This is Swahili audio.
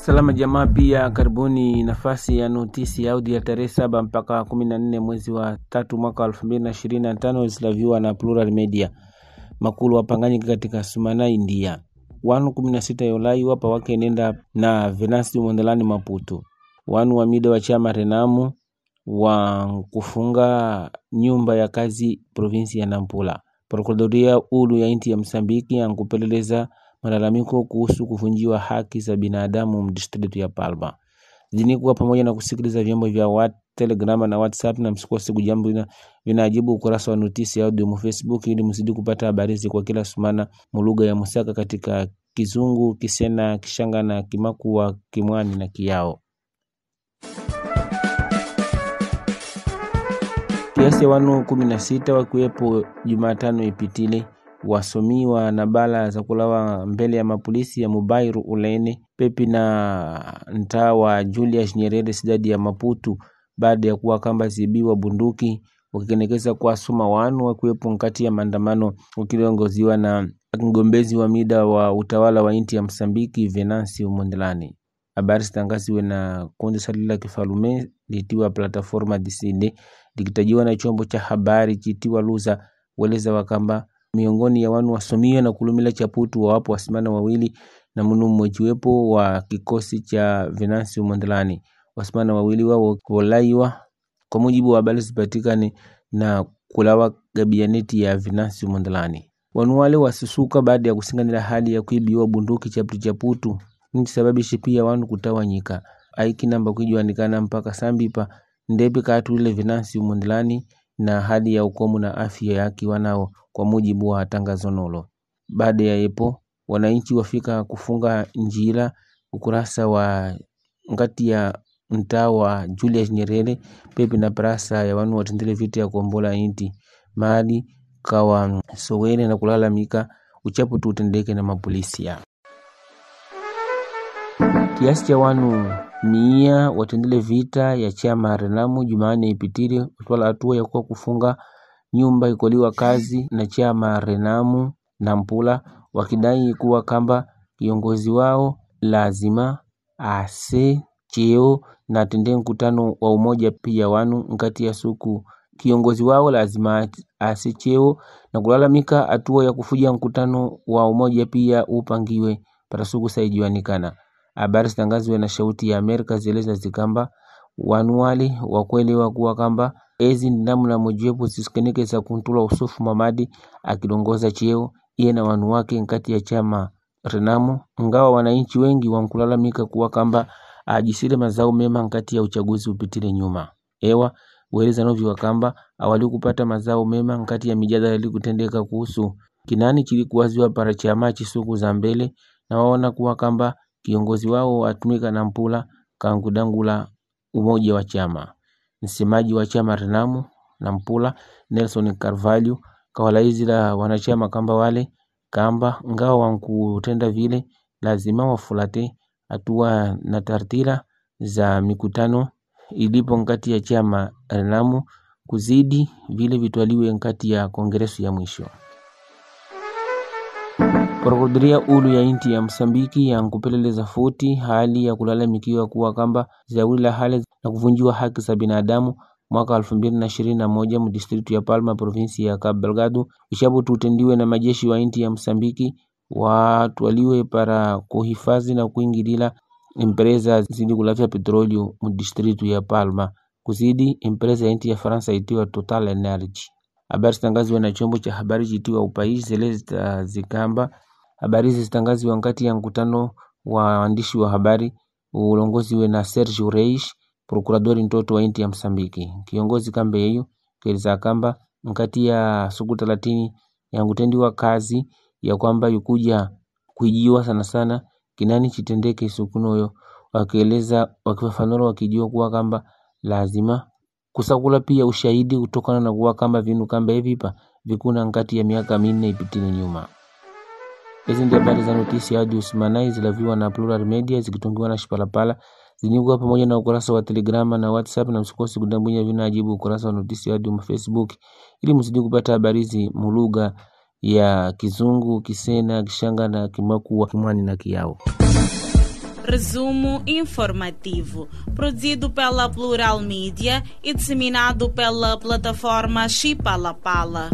Salama jamaa pia karibuni nafasi ya notisi audi ya tarehe saba mpaka kumi na nne mwezi wa tatu mwaka elfu mbili na ishirini na tano ilislaviwa na Plural Media. Makulu wapanganyika katika Sumana, India. Wanu kumi na sita Yolai wapa wake nenda na Venasi mwandalani maputu Wanu wa mida wa chama Renamu wa kufunga nyumba ya kazi provinsi ya Nampula. Prokuradoria ulu ya inti ya Msambiki ankupeleleza malalamiko kuhusu kuvunjiwa haki za binadamu district ya Palma. Zidini kuwa pamoja na kusikiliza vyombo vya wat, Telegram na WhatsApp, na msikose kujambo vinaajibu ukurasa wa notisi ya audio Facebook ili mzidi kupata habari kwa kila sumana mulugha ya Musaka katika Kizungu, Kisena, Kishanga na Kimakua, Kimwani na Kiao. Kiasi ya wanu kumi na sita wakiwepo Jumatano ipitile wasomiwa na bala za kulawa mbele ya mapolisi ya Mubairu Uleni Pepi na ntaa wa Julius Nyerere sidadi ya Maputu baada ya kuwa kamba zibiwa bunduki wakikenekeza kwa suma wanu wakiwepo nkati ya maandamano wakiliongoziwa na mgombezi wa mida wa utawala wa inti ya Msambiki Venansi Mondelani. Habari zitangaziwe na kundi salila kifalume litiwa plataforma DCD likitajiwa na chombo cha habari chitiwa Luza weleza wakamba miongoni ya wanu wasomia na kulumila chaputu wawapo wasimana wawili na munu mmojiwepo wa kikosi cha Venancio Mondlane, wasimana wawili wao kulaiwa kwa mujibu wa habari zipatikane na kulawa gabianeti ya Venancio Mondlane. Wanu wale wasusuka baada ya kusinganila hali ya kuibiwa bunduki chaputu chaputu nchi nichisababishi pia wanu kutawanyika aikinamba kwijuanikana mpaka sambipa ndepe ile Venancio Mondlane na hali ya ukomu na afya yake wanao kwa mujibu wa tangazo nolo. Baada ya yepo wananchi wafika kufunga njira ukurasa wa ngati ya mtaa wa Julius Nyerere pepe na prasa ya wanu watendele vita ya kuombola inti mali kawa sowene na kulalamika uchapu tutendeke na mapolisi ya kiasi cha wanu mia watendele vita ya chama Renamu jumani ipitire watwala hatua ya kuwa kufunga Nyumba ikoliwa kazi na chama Renamu mpula wakidai kuwa kamba kiongozi wao lazima ase cheo na atende mkutano wa umoja pia wanu ngati ya suku kiongozi wao lazima ase cheo na kulalamika hatua ya kufuja mkutano wa umoja pia upangiwe para suku saijuanikana. Habari zitangazwe na Shauti ya Amerika zieleza zikamba wanuwali wakuelewa kuwa kamba Ezi ni namna mojawapo zisizokinzika za kuntula usufu Mamadi akilongoza cheo iye na wanu wake nkati ya chama Renamo ngawa wananchi wengi wankulalamika kuwa kamba ajisire mazao mema nkati ya uchaguzi upitire nyuma ewa weleza wa kamba awali kupata mazao mema nkati ya mijadala ilikutendeka kuhusu kinani chilikuwaziwa para chama chisuku za mbele na waona kuwa kamba kiongozi wao watumika na mpula kankudangula umoja wa chama msemaji wa chama Renamu mpula Nelson Carvalho kawalaizi la wanachama kamba wale kamba ngao wankutenda vile lazima wafulate hatua na tartira za mikutano ilipo nkati ya chama Renamu kuzidi vile vitwaliwe nkati ya kongresu ya mwisho. Kuhudhuria ulu ya inti ya Msambiki yankupeleleza futi hali ya kulalamikiwa kuwa kamba zawila hali na kuvunjiwa haki za binadamu mwaka elfu mbili na ishirini na moja mudistritu ya Palma provinsi ya Cabo Delgado ishabu tutendiwe na majeshi wa inti ya Msambiki watwaliwe para kuhifadhi na kuingilila empresa zidi kulavya petrolio mudistritu ya Palma kuzidi empresa ya inti ya fransa itiwa Total Energy. Habari zitangaziwe na chombo cha habari chitiwa Upais zelezita zikamba Habari hizi zilitangazwa wakati ya mkutano wa waandishi wa habari uongozi ulongoziwe na Serge Reis, prokurador ntoto wa inti ya Msambiki, kiongozi kambe hiyo keleza kamba mkati ya siku talatini yangutendiwa kazi ya kwamba yukuja kujiwa sana sana kinani chitendeke sukunoyo, wakieleza wakifafanura, wakijua kuwa kamba lazima kusakula pia ushahidi kutokana na kuwa kamba vinu kamba hivipa vikuna nkati ya miaka minne ipitini nyuma. Hizi ndio habari za notisi ya Ajoyce Manai zilaviwa na Plural Media zikitungiwa na Shipalapala zinyugwa pamoja na ukurasa wa telegram na WhatsApp, na msikose kudambunya ajibu ukurasa wa notisi ya Ajoyce Facebook ili msije kupata habari hizi mulugha ya Kizungu, Kisena, Kishanga na Kimakua, Kimwani na Kiao. Resumo informativo, produzido pela Plural Media e disseminado pela plataforma Chipalapala.